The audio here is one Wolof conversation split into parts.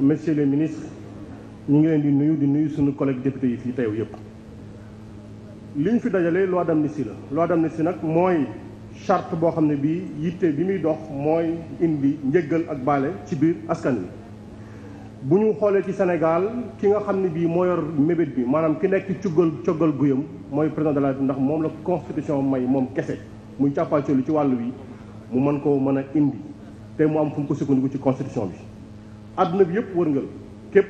messieurs les ministres ñu ngi leen di nuyu di nuyu suñu collègue député yi fii teew yëpp li ñu fi dajalee loi d'amnistie la loi d'amnistie nag mooy charte boo xam ne bii yitte bi muy dox mooy indi njëggal ak bale ci biir askan wi bu ñu xoolee ci senegal ki nga xam ne bii moo yor mébét bi maanaam ki nekk cuggal coggal guyam mooy président de la République ndax moom la constitution may moom kese muy càppaacolu ci wàll wi mu mën koo mën a indi te mu am fu mu ko sukkandiku ci constitution bi àdduna bi yëpp wërngal képp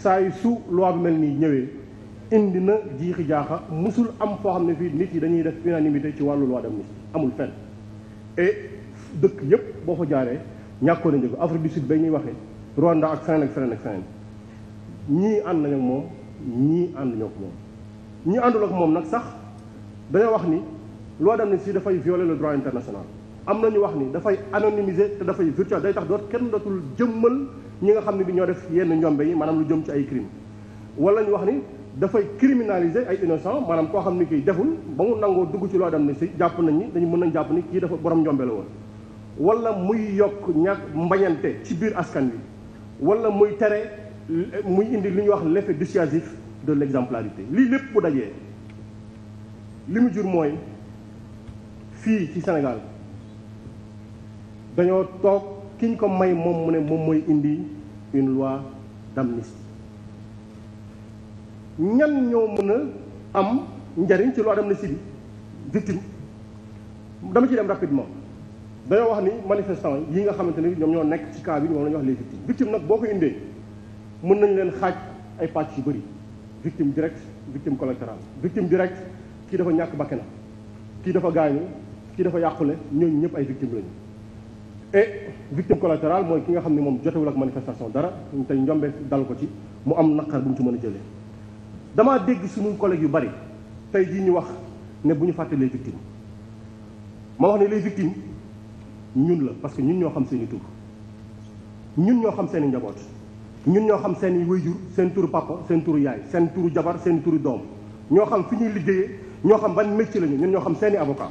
saay yu su loi bi mel nii ñëwee indi na jiixi jaaxa mosul am foo xam ne fii nit yi dañuy def unanimité ci wàllu loi d'amnistie amul fenn et dëkk yëpp boo fa jaaree ñàkkoon a njëkk Afrique du Sud bay ñuy waxee Rwanda ak feneen ak feneen ak feneen ñii ànd nañ ak moom ñii ànd ñu ko moom ñii àndul ak moom nag sax dañoo wax ni loi si dafay violer le droit international am na ñu wax ni dafay anonymiser te dafay virtuel day tax doot kenn dootul jëmmal ñi nga xam ne bi ñoo def yenn njombe yi maanaam lu jëm ci ay crime wala ñu wax ni dafay criminaliser ay innocent maanaam koo xam ni kii deful ba mu nangoo dugg ci loo dem ni si jàpp nañ ni dañu mën nañ jàpp ni kii dafa borom njombe la woon wala muy yokk ñàkk mbañante ci biir askan wi walla muy tere muy indi lu ñuy wax l'effet dissuasif de l'exemplarité lii lépp bu dajee li mu mooy fii ci Sénégal dañoo toog ki ñu ko may moom mu ne moom mooy indi une loi d'amnistie ñan ñoo mën a am njariñ ci loi d'amnistie bi victime dama ciy dem rapidement dañoo wax ni manifestant yi nga xamante ni ñoom ñoo nekk ci cas bi moom la wax les victimes victime nag boo ko indee mën nañ leen xaaj ay pàcc yu bëri victime direct victime collatérale victime direct kii dafa ñàkk bakkena kii dafa gaañu kii dafa yàqule ñooñu ñëpp ay victime lañu et victime collatérale mooy ki nga xam ne moom jotewul ak manifestation dara tey njombe dal ko ci mu am naqar bu mu ci mën a jëlee damaa dégg suñu collègues yu bari tey jii ñu wax ne bu ñu fàtte les victimes ma wax ne les victimes ñun la parce que ñun ñoo xam seen i tur ñun ñoo xam seen i njaboot ñun ñoo xam seen i wayjur seen turu papa seen turu yaay seen turu jabar seen turu doom ñoo xam fi ñuy liggéeyee ñoo xam ban métier lañu ñun ñoo xam seen i avocat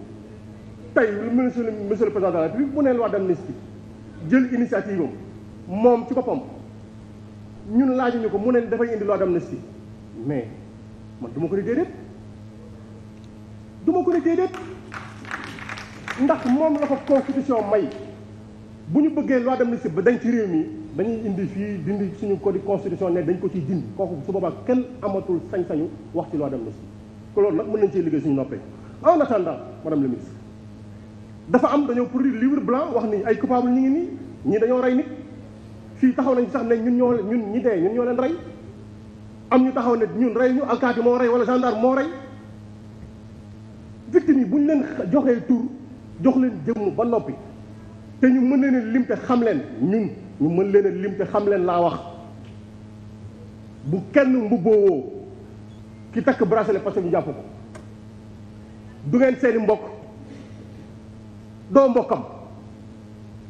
tey monsieur le monsieur le président de la République bu ne jël initiative am moom ci boppam ñun laajuñu ko mu ne dafay indi loi d'amnistie mais man du ma ko ne déedéet du ma ko ne déedéet ndax moom la ko constitution may bu ñu bëggee loi d'amnistie ba dañ ci réew mi dañuy indi fii dindi suñu code constitution ne dañ ko ciy dind kooku su boobaa kenn amatul sañ-sañu wax ci loi d'amnistie ko loolu nag mën nañ cee liggéey suñu noppee en attendant madame le ministre dafa am dañoo produire livre blanc wax ni ay coupable ñi ngi nii ñii dañoo rey nit fii taxaw nañ sax ne ñun ñoo ñun ñi dee ñun ñoo leen rey am ñu taxaw ne ñun rey ñu alkaati moo rey wala gendarme moo rey victime yi bu ñu leen joxee tur jox leen jëmm ba noppi te ñu mën leen a lim te xam leen ñun ñu mën leen a lim te xam leen laa wax bu kenn mbubboowoo ki takk bracelet parce que ñu jàpp ko du ngeen seeni mbokk doo mbokkam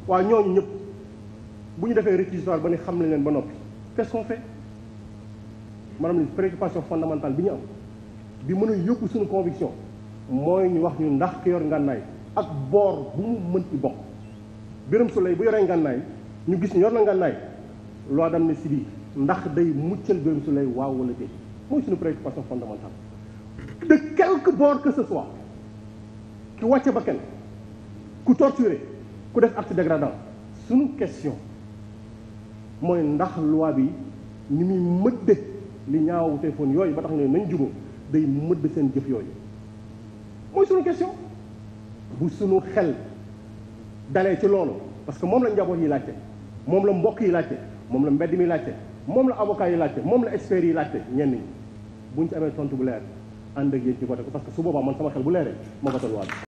waa ñoom ñëpp bu ñu defee réquisitoire ba ne xam ne leen ba noppi qu'est-ce qu'on fait maanaam li préoccupation fondamentale bi ñu am bi mën a yóbbu suñu conviction mooy ñu wax ñu ndax yor ngànnaay ak boor bu mu mën bokk Birame Souleye bu yoree ngànnaay ñu gis ñu yor na ngànnaay loi si bi ndax day muccal Birame Souleye waaw wala déet mooy suñu préoccupation fondamentale de quelque bord que ce soit ki wàcce ba kenn ku torturé ku def acte dégradant suñu question mooy ndax loi bi ni muy mëdde li ñaaw téléphone yooyu ba tax ne nañ jubóo day mëdd seen jëf yooyu mooy suñu question bu suñu xel dalee ci loolu parce que moom la njaboot yi laajte moom la mbokk yi laajte moom la mbedd mi laajte moom la avocat yi laajte moom la experts yi laajte ñenn ñi buñ ci amee tontu bu leer ànd ak yéen ci voté parce que su boobaa man sama xel bu leeree ma voté loi